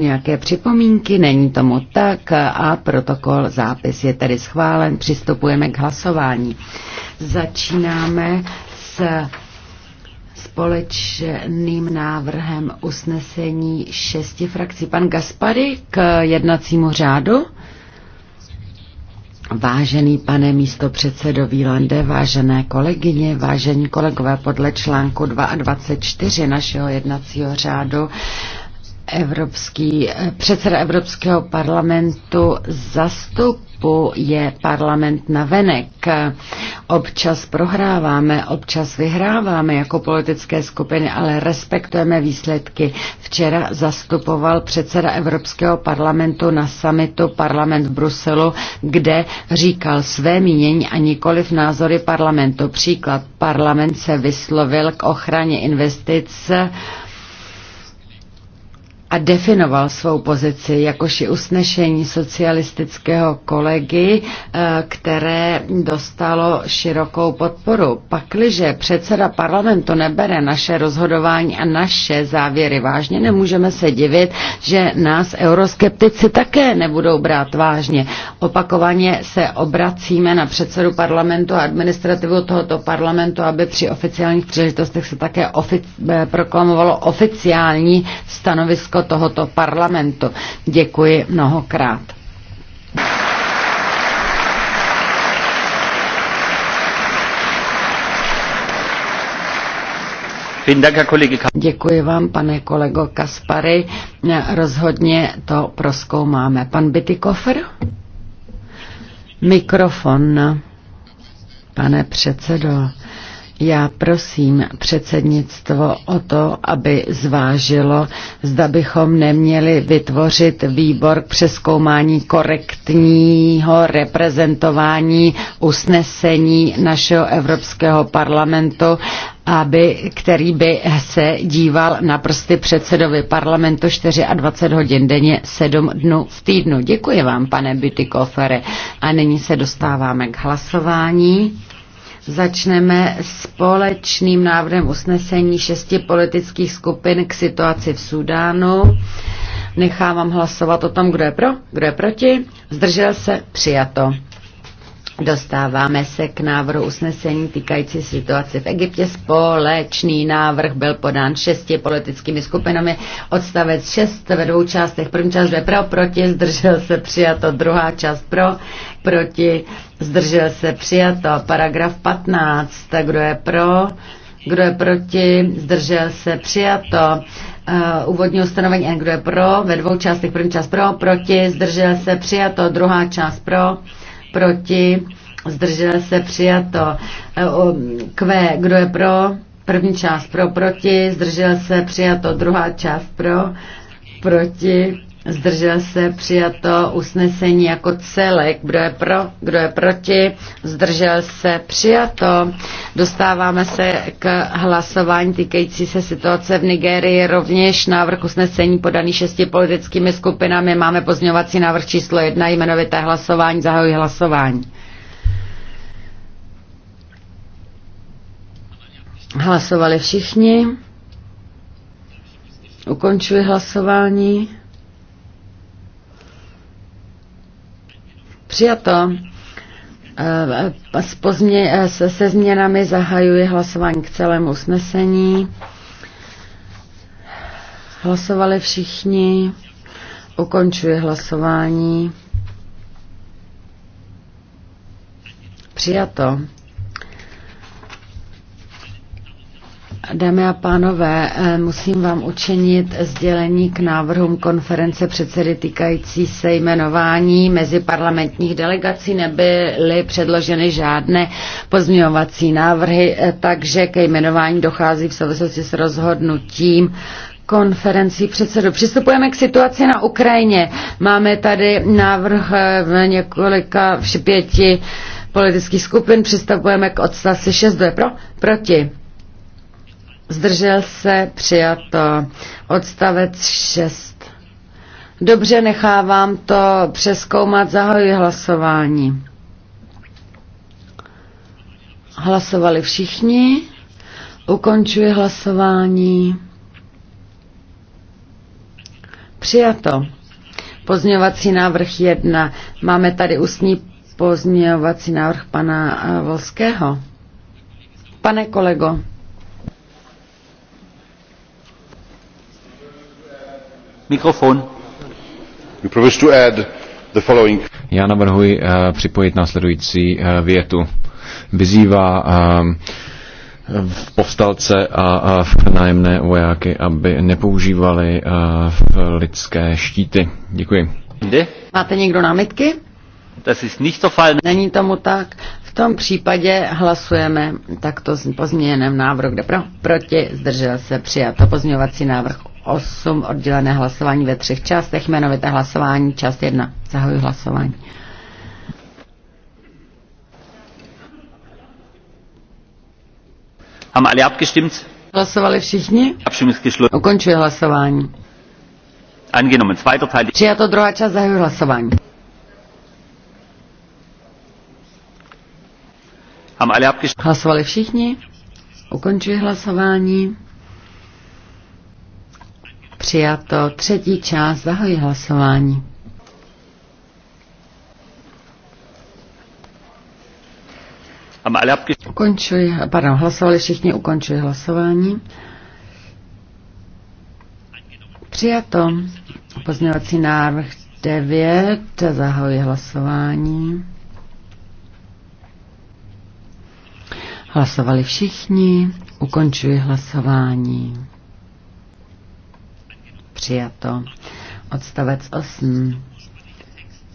Nějaké připomínky, není tomu tak a protokol zápis je tedy schválen. Přistupujeme k hlasování. Začínáme s společným návrhem usnesení šesti frakcí. Pan Gaspary k jednacímu řádu. Vážený pane místo předsedo Vílande, vážené kolegyně, vážení kolegové, podle článku 224 našeho jednacího řádu Evropský, předseda Evropského parlamentu zastupuje parlament na venek. Občas prohráváme, občas vyhráváme jako politické skupiny, ale respektujeme výsledky. Včera zastupoval předseda Evropského parlamentu na samitu parlament v Bruselu, kde říkal své mínění a nikoliv názory parlamentu. Příklad, parlament se vyslovil k ochraně investic a definoval svou pozici, jakož i usnešení socialistického kolegy, eh, které dostalo širokou podporu. Pakliže předseda parlamentu nebere naše rozhodování a naše závěry vážně, nemůžeme se divit, že nás euroskeptici také nebudou brát vážně. Opakovaně se obracíme na předsedu parlamentu a administrativu tohoto parlamentu, aby při oficiálních příležitostech se také ofic- eh, proklamovalo oficiální stanovisko tohoto parlamentu. Děkuji mnohokrát. Děkuji vám, pane kolego Kaspary. Rozhodně to proskoumáme. Pan Bytykofer? Mikrofon, pane předsedo. Já prosím předsednictvo o to, aby zvážilo, zda bychom neměli vytvořit výbor k přeskoumání korektního reprezentování usnesení našeho Evropského parlamentu aby, který by se díval na prsty předsedovi parlamentu 24 hodin denně, 7 dnů v týdnu. Děkuji vám, pane Bytykofere. A nyní se dostáváme k hlasování. Začneme společným návrhem usnesení šesti politických skupin k situaci v Sudánu. Nechávám hlasovat o tom, kdo je pro, kdo je proti. Zdržel se, přijato. Dostáváme se k návrhu usnesení týkající situace v Egyptě. Společný návrh byl podán šesti politickými skupinami. Odstavec šest ve dvou částech. První část je pro, proti, zdržel se přijato. Druhá část pro, proti, zdržel se, přijato. Paragraf 15, kdo je pro, kdo je proti, zdržel se, přijato. Uh, úvodní ustanovení N, eh, kdo je pro, ve dvou částech, první část pro, proti, zdržel se, přijato, druhá část pro, proti, zdržel se, přijato. Uh, eh, kve, kdo je pro, první část pro, proti, zdržel se, přijato, druhá část pro, proti, zdržel se, přijato usnesení jako celek, kdo je pro, kdo je proti, zdržel se, přijato. Dostáváme se k hlasování týkající se situace v Nigerii, rovněž návrh usnesení podaný šesti politickými skupinami. Máme pozměňovací návrh číslo jedna, jmenovité hlasování, zahajuji hlasování. Hlasovali všichni. Ukončuji hlasování. Přijato. Eh, s pozmě, eh, se, se změnami zahajuji hlasování k celému usnesení. Hlasovali všichni. Ukončuji hlasování. Přijato. Dámy a pánové, eh, musím vám učinit sdělení k návrhům konference předsedy týkající se jmenování mezi parlamentních delegací. Nebyly předloženy žádné pozměňovací návrhy, eh, takže ke jmenování dochází v souvislosti s rozhodnutím konferencí předsedu. Přistupujeme k situaci na Ukrajině. Máme tady návrh eh, v několika v pěti politických skupin. Přistupujeme k odstavci 6. Kdo je pro? Proti zdržel se, přijato. Odstavec 6. Dobře, nechávám to přeskoumat, zahajuji hlasování. Hlasovali všichni, ukončuji hlasování. Přijato. Pozměňovací návrh 1. Máme tady ústní pozměňovací návrh pana eh, Volského. Pane kolego. Mikrofon. Já navrhuji uh, připojit následující uh, větu. Vyzývá uh, povstalce a, a v nájemné vojáky, aby nepoužívali uh, lidské štíty. Děkuji. Máte někdo námitky? To ist nicht der Fall. Není tomu tak. V tom případě hlasujeme takto pozměněném návrhu, kde pro, proti zdržel se přijato pozměňovací návrh 8 oddělené hlasování ve třech částech, jmenovité hlasování, část 1. Zahajuji hlasování. Haben alle abgestimmt? Hlasovali všichni? Abstimmung ist Ukončuji hlasování. Angenommen. Zweiter Teil. Přijato druhá část zahajuji hlasování. Haben alle abgestimmt? Hlasovali všichni? Ukončuji hlasování. Přijato třetí část, zahoji hlasování. Ukončuji, pardon, hlasovali všichni, ukončuji hlasování. Přijato pozměňovací návrh 9, zahoji hlasování. Hlasovali všichni, ukončuji hlasování přijato. Odstavec 8.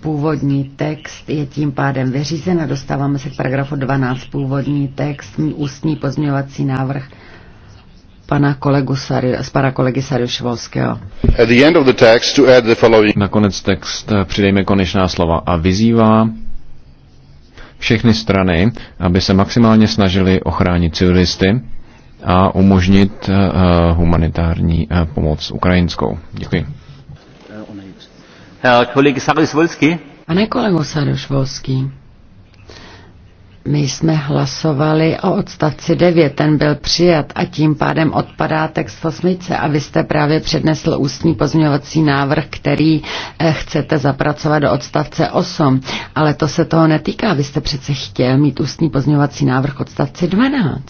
Původní text je tím pádem vyřízen a dostáváme se k paragrafu 12. Původní text, ústní pozměňovací návrh pana kolegu Sari, z pana kolegy Sariušvolského. Na Nakonec text eh, přidejme konečná slova a vyzývá všechny strany, aby se maximálně snažili ochránit civilisty, a umožnit eh, eh, humanitární eh, pomoc ukrajinskou. Děkuji. Pane kolego sarus my jsme hlasovali o odstavci 9, ten byl přijat a tím pádem odpadá text osmice a vy jste právě přednesl ústní pozměňovací návrh, který chcete zapracovat do odstavce 8, ale to se toho netýká, vy jste přece chtěl mít ústní pozměňovací návrh odstavci 12.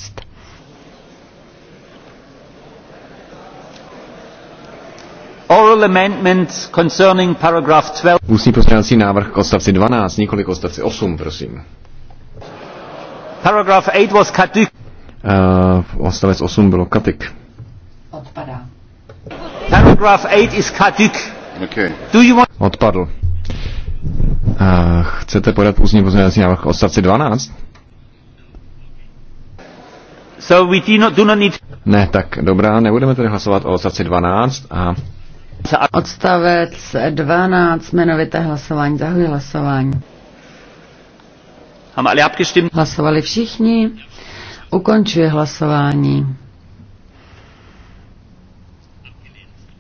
Ústní pozměňovací návrh k odstavci 12, nikoli k odstavci 8, prosím. Paragraph 8 was katyk. Uh, eh, odstavec 8 bylo katyk. Odpadá. Paragraph 8 is katyk. Okay. Do you want... Odpadl. Uh, chcete podat ústní pozměňovací návrh k odstavci 12? So we do not, do not need... Ne, tak dobrá, nebudeme tedy hlasovat o odstavci 12 a Odstavec 12, jmenovité hlasování, zahuji hlasování. Hlasovali všichni. Ukončuje hlasování.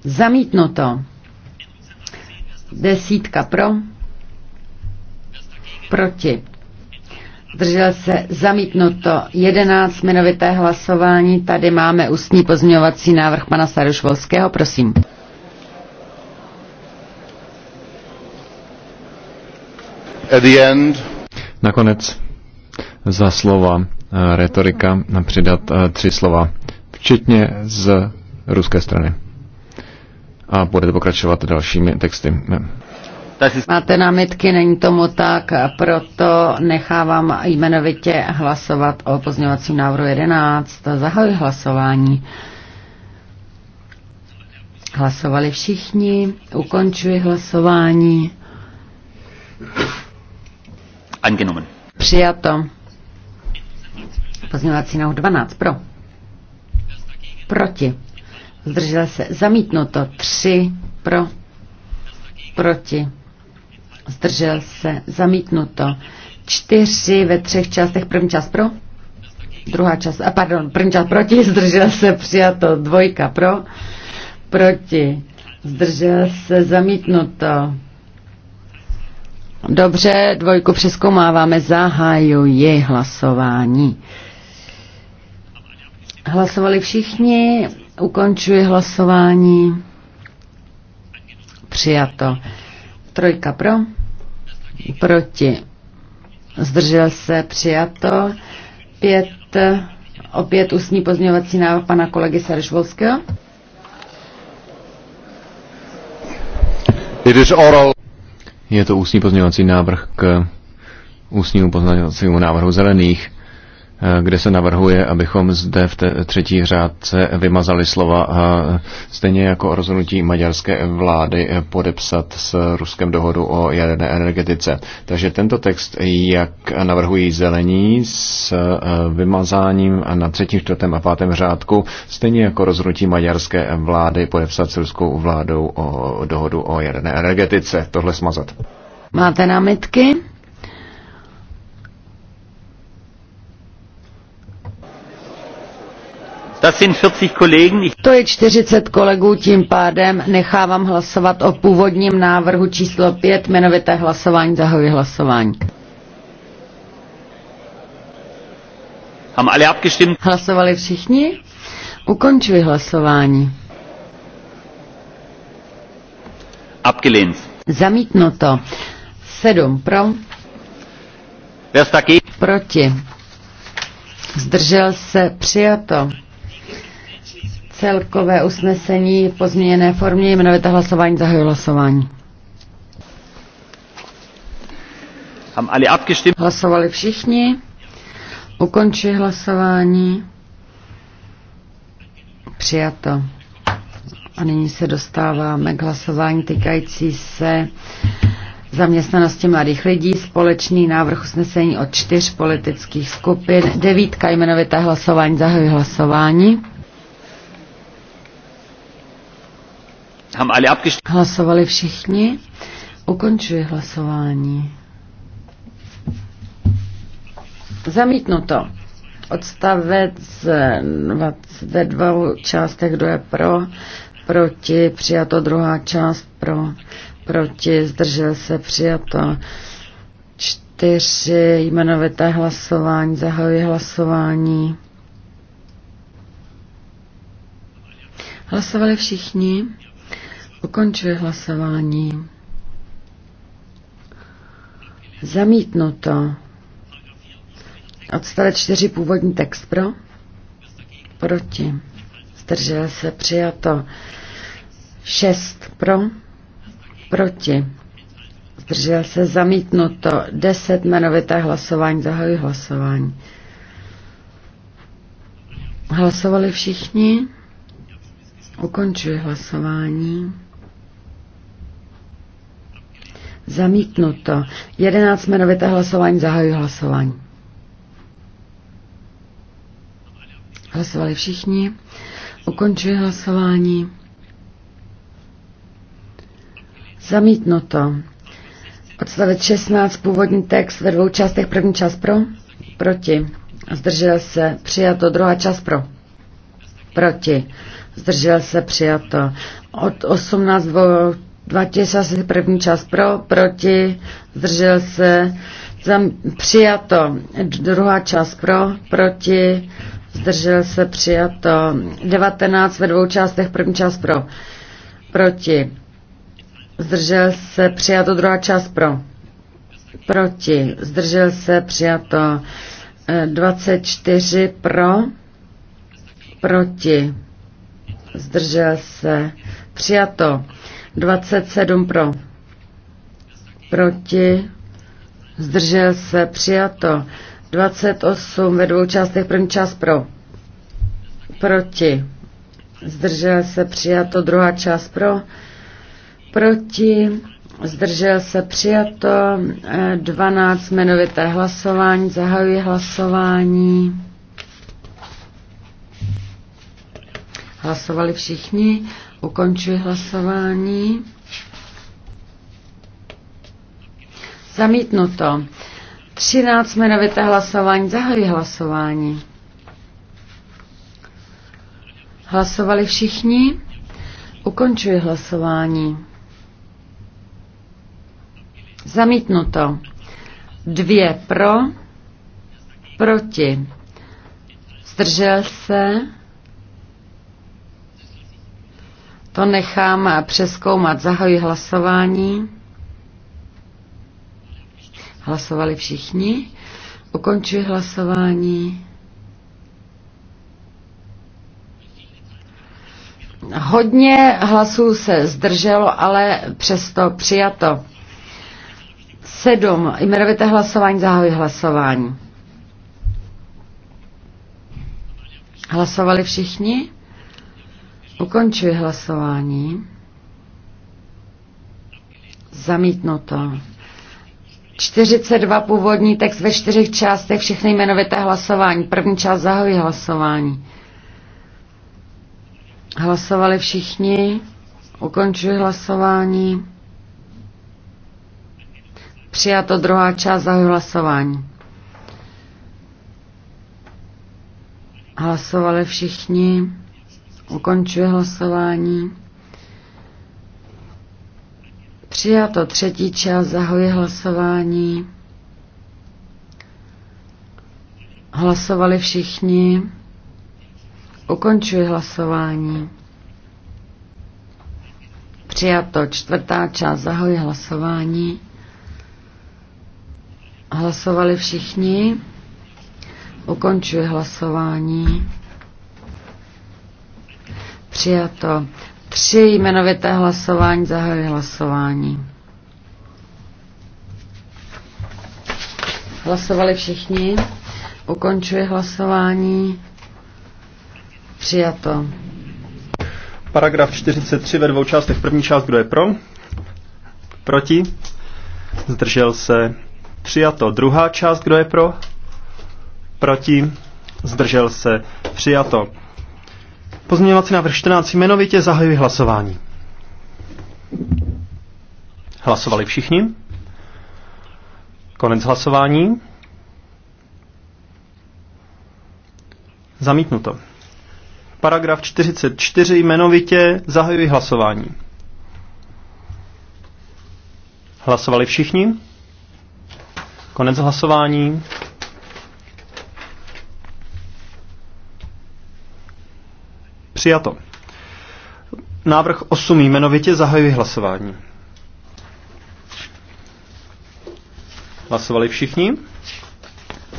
Zamítnuto. Desítka pro. Proti. Držel se zamítnuto 11 minovité hlasování. Tady máme ústní pozměňovací návrh pana Sarušvolského. Prosím. at the end. Nakonec za slova eh, retorika přidat eh, tři slova, včetně z ruské strany. A budete pokračovat dalšími texty. Máte námitky, není tomu tak, proto nechávám jmenovitě hlasovat o pozměňovacím návrhu 11. Zahajuji hlasování. Hlasovali všichni, ukončuji hlasování. Angenommen. Přijato. Pozměňovací návrh 12. Pro. Proti. Zdržel se. Zamítnuto. 3. Pro. Proti. Zdržel se. Zamítnuto. 4 ve třech částech. První část pro. Druhá část. A pardon, první část proti. Zdržel se. Přijato. Dvojka pro. Proti. Zdržel se. Zamítnuto. Dobře, dvojku přeskoumáváme, zahájuji hlasování. Hlasovali všichni, ukončuji hlasování. Přijato. Trojka pro, proti, zdržel se, přijato. Pět, opět ústní pozměňovací návrh pana kolegy Sarešvolského. It is oral. Je to ústní pozměňovací návrh k ústnímu pozměňovacímu návrhu zelených. Eh, kde se navrhuje, abychom zde v třetí řádce vymazali slova eh, stejně jako rozhodnutí maďarské vlády eh, podepsat s Ruskem dohodu o jaderné energetice. Takže tento text, jak navrhují zelení s vymazáním na třetím, čtvrtém a pátém řádku, stejně jako rozhodnutí maďarské vlády podepsat s ruskou vládou o dohodu o jaderné energetice. Tohle smazat. Máte námitky? To je 40 kolegů, tím pádem nechávám hlasovat o původním návrhu číslo 5, jmenovité hlasování, zahoji hlasování. Hlasovali všichni? Ukončili hlasování. Abgelehnt. Zamítnuto. Sedm pro. Proti. Zdržel se přijato. Celkové usnesení v pozměněné formě jmenovité hlasování zahajuji hlasování. Hlasovali všichni. Ukončuji hlasování. Přijato. A nyní se dostáváme k hlasování týkající se zaměstnanosti mladých lidí, společný návrh usnesení od čtyř politických skupin, devítka jmenovité hlasování, zahajuji hlasování. Hlasovali všichni. Ukončuji hlasování. Zamítnuto. Odstavec ve dvou částech, kdo je pro, proti, přijato druhá část, pro, proti, zdržel se, přijato čtyři jmenovité hlasování, zahajuji hlasování. Hlasovali všichni? Ukončuje hlasování. Zamítnuto. Odstavec 4 původní text pro. Proti. Zdržel se přijato. 6 pro. Proti. Zdržel se zamítnuto. 10 jmenovité hlasování. Zahajuji hlasování. Hlasovali všichni? Ukončuji hlasování. Zamítnuto. Jedenáct jmenovité hlasování. Zahajuji hlasování. Hlasovali všichni. Ukončuji hlasování. Zamítnuto. Odstavec 16, původní text ve dvou částech. První část pro, proti. Zdržel se, přijato. Druhá část pro, proti. Zdržel se, přijato. Od 18 dvou 20 první část pro, proti, zdržel se, zam, přijato, druhá část pro, proti, zdržel se, přijato, 19 ve dvou částech, první část pro, proti, zdržel se, přijato, druhá část pro, proti, zdržel se, přijato, 24 eh, pro, proti, zdržel se, přijato, 27 pro. Proti. Zdržel se. Přijato. 28 ve dvou částech. První část pro. Proti. Zdržel se. Přijato. Druhá část pro. Proti. Zdržel se. Přijato. 12 eh, jmenovité hlasování. Zahajuji hlasování. Hlasovali všichni. Ukončuji hlasování. Zamítnuto. 13 jmenovité hlasování. Zahajuji hlasování. Hlasovali všichni. Ukončuji hlasování. Zamítnuto. Dvě pro, proti. Zdržel se. To nechám přeskoumat. Zahoji hlasování. Hlasovali všichni. Ukončuji hlasování. Hodně hlasů se zdrželo, ale přesto přijato. Sedm. Jmenovité hlasování zahájí hlasování. Hlasovali všichni? Ukončuji hlasování. Zamítnuto. 42 původní text ve čtyřech částech, všechny jmenovité hlasování. První část zahojí hlasování. Hlasovali všichni. Ukončuji hlasování. Přijato druhá část zahojí hlasování. Hlasovali všichni. Ukončuje hlasování. Přijato třetí část, zahoje hlasování. Hlasovali všichni. Ukončuje hlasování. Přijato čtvrtá část, zahoje hlasování. Hlasovali všichni. Ukončuje hlasování. Přijato. Tři jmenovité hlasování, zahajuji hlasování. Hlasovali všichni. Ukončuji hlasování. Přijato. Paragraf 43 ve dvou částech. První část, kdo je pro? Proti? Zdržel se. Přijato. Druhá část, kdo je pro? Proti? Zdržel se. Přijato. Pozměňovací návrh 14 jmenovitě zahajuji hlasování. Hlasovali všichni? Konec hlasování. Zamítnuto. Paragraf 44 jmenovitě zahajuji hlasování. Hlasovali všichni? Konec hlasování. Přijato. Návrh 8 jmenovitě zahajuji hlasování. Hlasovali všichni?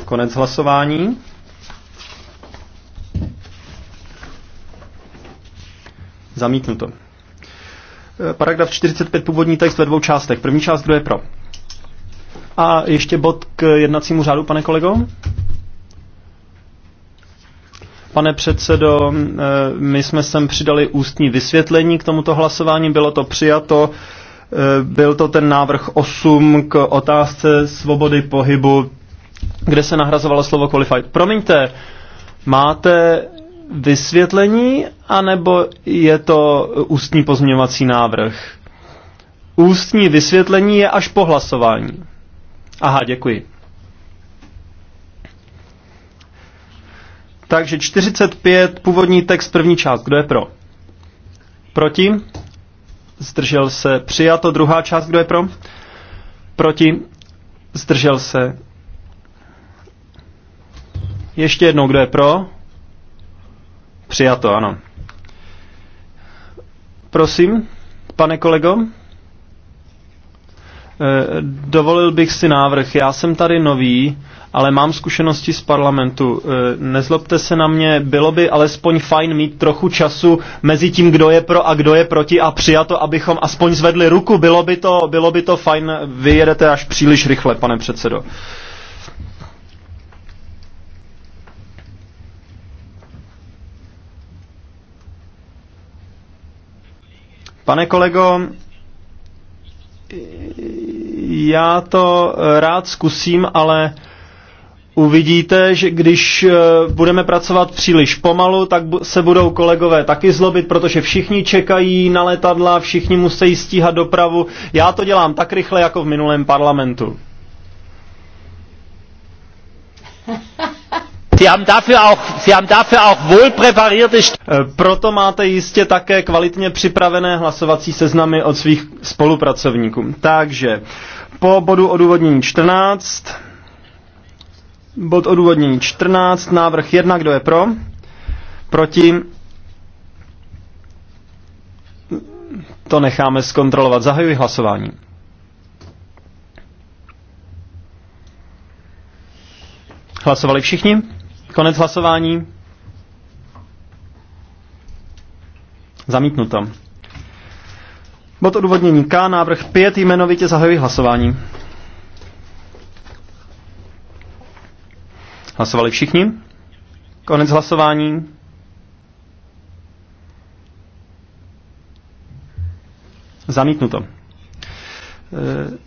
Konec hlasování. Zamítnuto. Paragraf 45 původní text ve dvou částech. První část, kdo je pro? A ještě bod k jednacímu řádu, pane kolego? Pane předsedo, eh, my jsme sem přidali ústní vysvětlení k tomuto hlasování, bylo to přijato. Eh, byl to ten návrh 8 k otázce svobody pohybu, kde se nahrazovalo slovo qualified. Promiňte, máte vysvětlení, anebo je to ústní pozměňovací návrh? Ústní vysvětlení je až po hlasování. Aha, děkuji. Takže 45, původní text, první část. Kdo je pro? Proti? Zdržel se. Přijato. Druhá část. Kdo je pro? Proti? Zdržel se. Ještě jednou. Kdo je pro? Přijato, ano. Prosím, pane kolego. Eh, dovolil bych si návrh. Já jsem tady nový, ale mám zkušenosti z parlamentu. Eh, nezlobte se na mě, bylo by alespoň fajn mít trochu času mezi tím, kdo je pro a kdo je proti a přijato, abychom aspoň zvedli ruku. Bylo by to, bylo by to fajn, vy jedete až příliš rychle, pane předsedo. Pane kolego, já to eh, rád zkusím, ale uvidíte, že když eh, budeme pracovat příliš pomalu, tak se budou kolegové taky zlobit, protože všichni čekají na letadla, všichni musí stíhat dopravu. Já to dělám tak rychle, jako v minulém parlamentu. Sie haben dafür auch, Sie haben dafür auch wohl präparierte eh, Proto máte jistě také kvalitně připravené hlasovací seznamy od svých spolupracovníků. Takže po bodu odůvodnění 14. Bod odůvodnění 14, návrh 1, kdo je pro? Proti? To necháme zkontrolovat. Zahajuji hlasování. Hlasovali všichni? Konec hlasování. Zamítnuto. Bod odůvodnění K, návrh 5, jmenovitě zahajuji hlasování. Hlasovali všichni? Konec hlasování. Zamítnuto. E,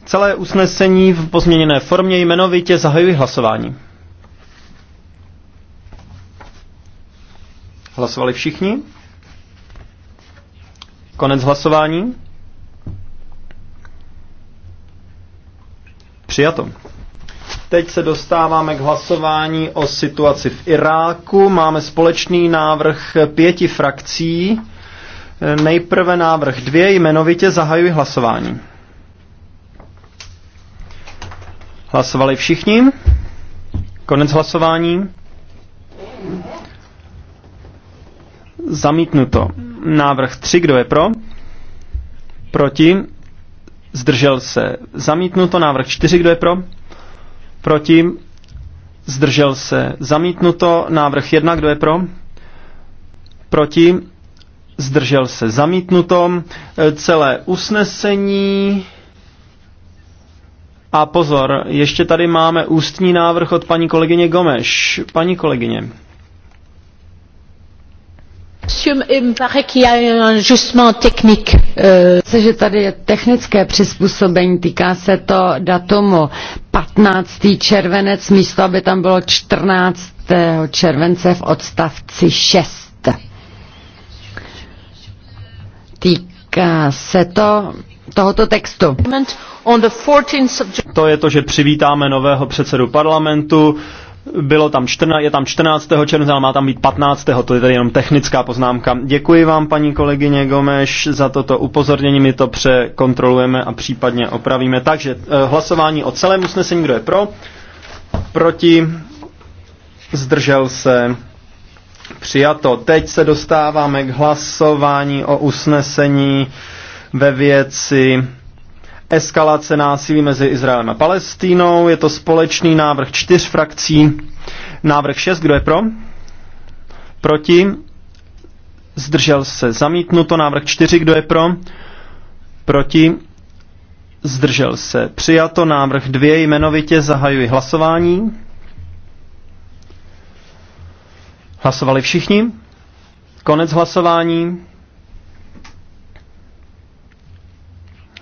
celé usnesení v pozměněné formě jmenovitě zahajuji hlasování. Hlasovali všichni? Konec hlasování. Přijato. Teď se dostáváme k hlasování o situaci v Iráku. Máme společný návrh pěti frakcí. Nejprve návrh dvě, jmenovitě zahajuji hlasování. Hlasovali všichni? Konec hlasování? Zamítnuto. Návrh 3, kdo je pro? Proti? zdržel se. Zamítnuto návrh 4, kdo je pro? Proti, zdržel se. Zamítnuto návrh 1, kdo je pro? Proti, zdržel se. Zamítnuto e, celé usnesení. A pozor, ještě tady máme ústní návrh od paní kolegyně Gomeš. Paní kolegyně. Se, euh. že tady je technické přizpůsobení, týká se to datumu 15. červenec, místo aby tam bylo 14. července v odstavci 6. Týká se to tohoto textu. To je to, že přivítáme nového předsedu parlamentu. Bylo tam 14, je tam 14. června, ale má tam být 15. To je tady jenom technická poznámka. Děkuji vám, paní kolegyně Gomeš, za toto upozornění. My to překontrolujeme a případně opravíme. Takže eh, hlasování o celém usnesení, kdo je pro, proti, zdržel se, přijato. Teď se dostáváme k hlasování o usnesení ve věci eskalace násilí mezi Izraelem a Palestínou. Je to společný návrh čtyř frakcí. Návrh šest, kdo je pro? Proti? Zdržel se zamítnuto. Návrh čtyři, kdo je pro? Proti? Zdržel se přijato. Návrh dvě, jmenovitě zahajuji hlasování. Hlasovali všichni? Konec hlasování.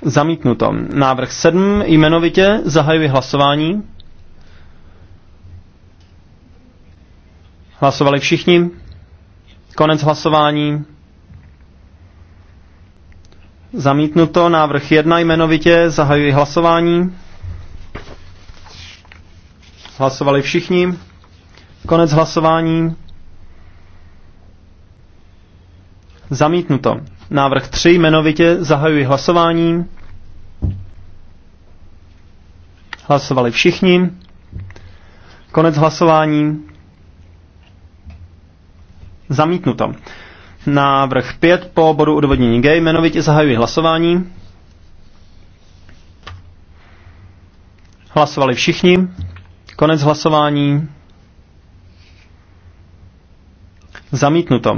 Zamítnuto. Návrh 7 jmenovitě zahajuji hlasování. Hlasovali všichni. Konec hlasování. Zamítnuto. Návrh 1 jmenovitě zahajuji hlasování. Hlasovali všichni. Konec hlasování. Zamítnuto. Návrh 3 jmenovitě zahajuji hlasování. Hlasovali všichni. Konec hlasování. Zamítnuto. Návrh 5 po bodu odvodnění G jmenovitě zahajuji hlasování. Hlasovali všichni. Konec hlasování. Zamítnuto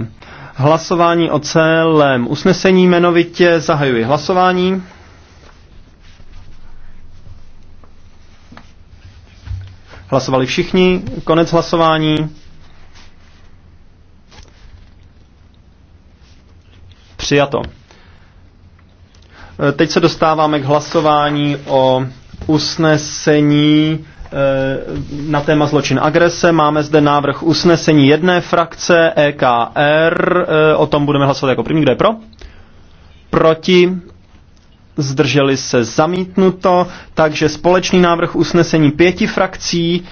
hlasování o celém usnesení jmenovitě. Zahajuji hlasování. Hlasovali všichni. Konec hlasování. Přijato. E, teď se dostáváme k hlasování o usnesení Eh, na téma zločin agrese. Máme zde návrh usnesení jedné frakce EKR. Eh, o tom budeme hlasovat jako první. Kdo je pro? Proti? Zdrželi se zamítnuto. Takže společný návrh usnesení pěti frakcí.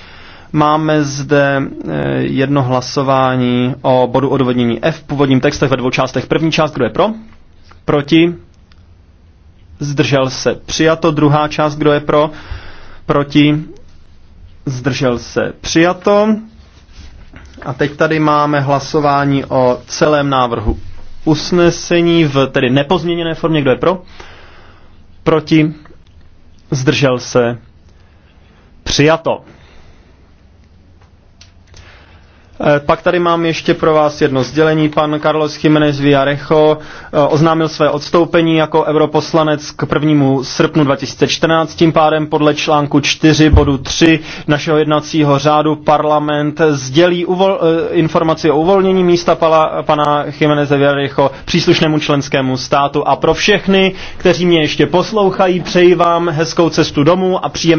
Máme zde eh, jedno hlasování o bodu odvodnění F v původním textech ve dvou částech. První část, kdo je pro? Proti? Zdržel se. Přijato. Druhá část, kdo je pro? Proti? zdržel se přijato. A teď tady máme hlasování o celém návrhu usnesení v tedy nepozměněné formě. Kdo je pro? Proti? Zdržel se? Přijato. Eh, pak tady mám ještě pro vás jedno sdělení. Pan Carlos Jiménez Villarejo eh, oznámil své odstoupení jako europoslanec k 1. srpnu 2014. Tím pádem podle článku 4 bodu 3 našeho jednacího řádu parlament sdělí uvol, eh, informaci o uvolnění místa pala, pana Jiménez Villarejo příslušnému členskému státu. A pro všechny, kteří mě ještě poslouchají, přeji vám hezkou cestu domů a příjemně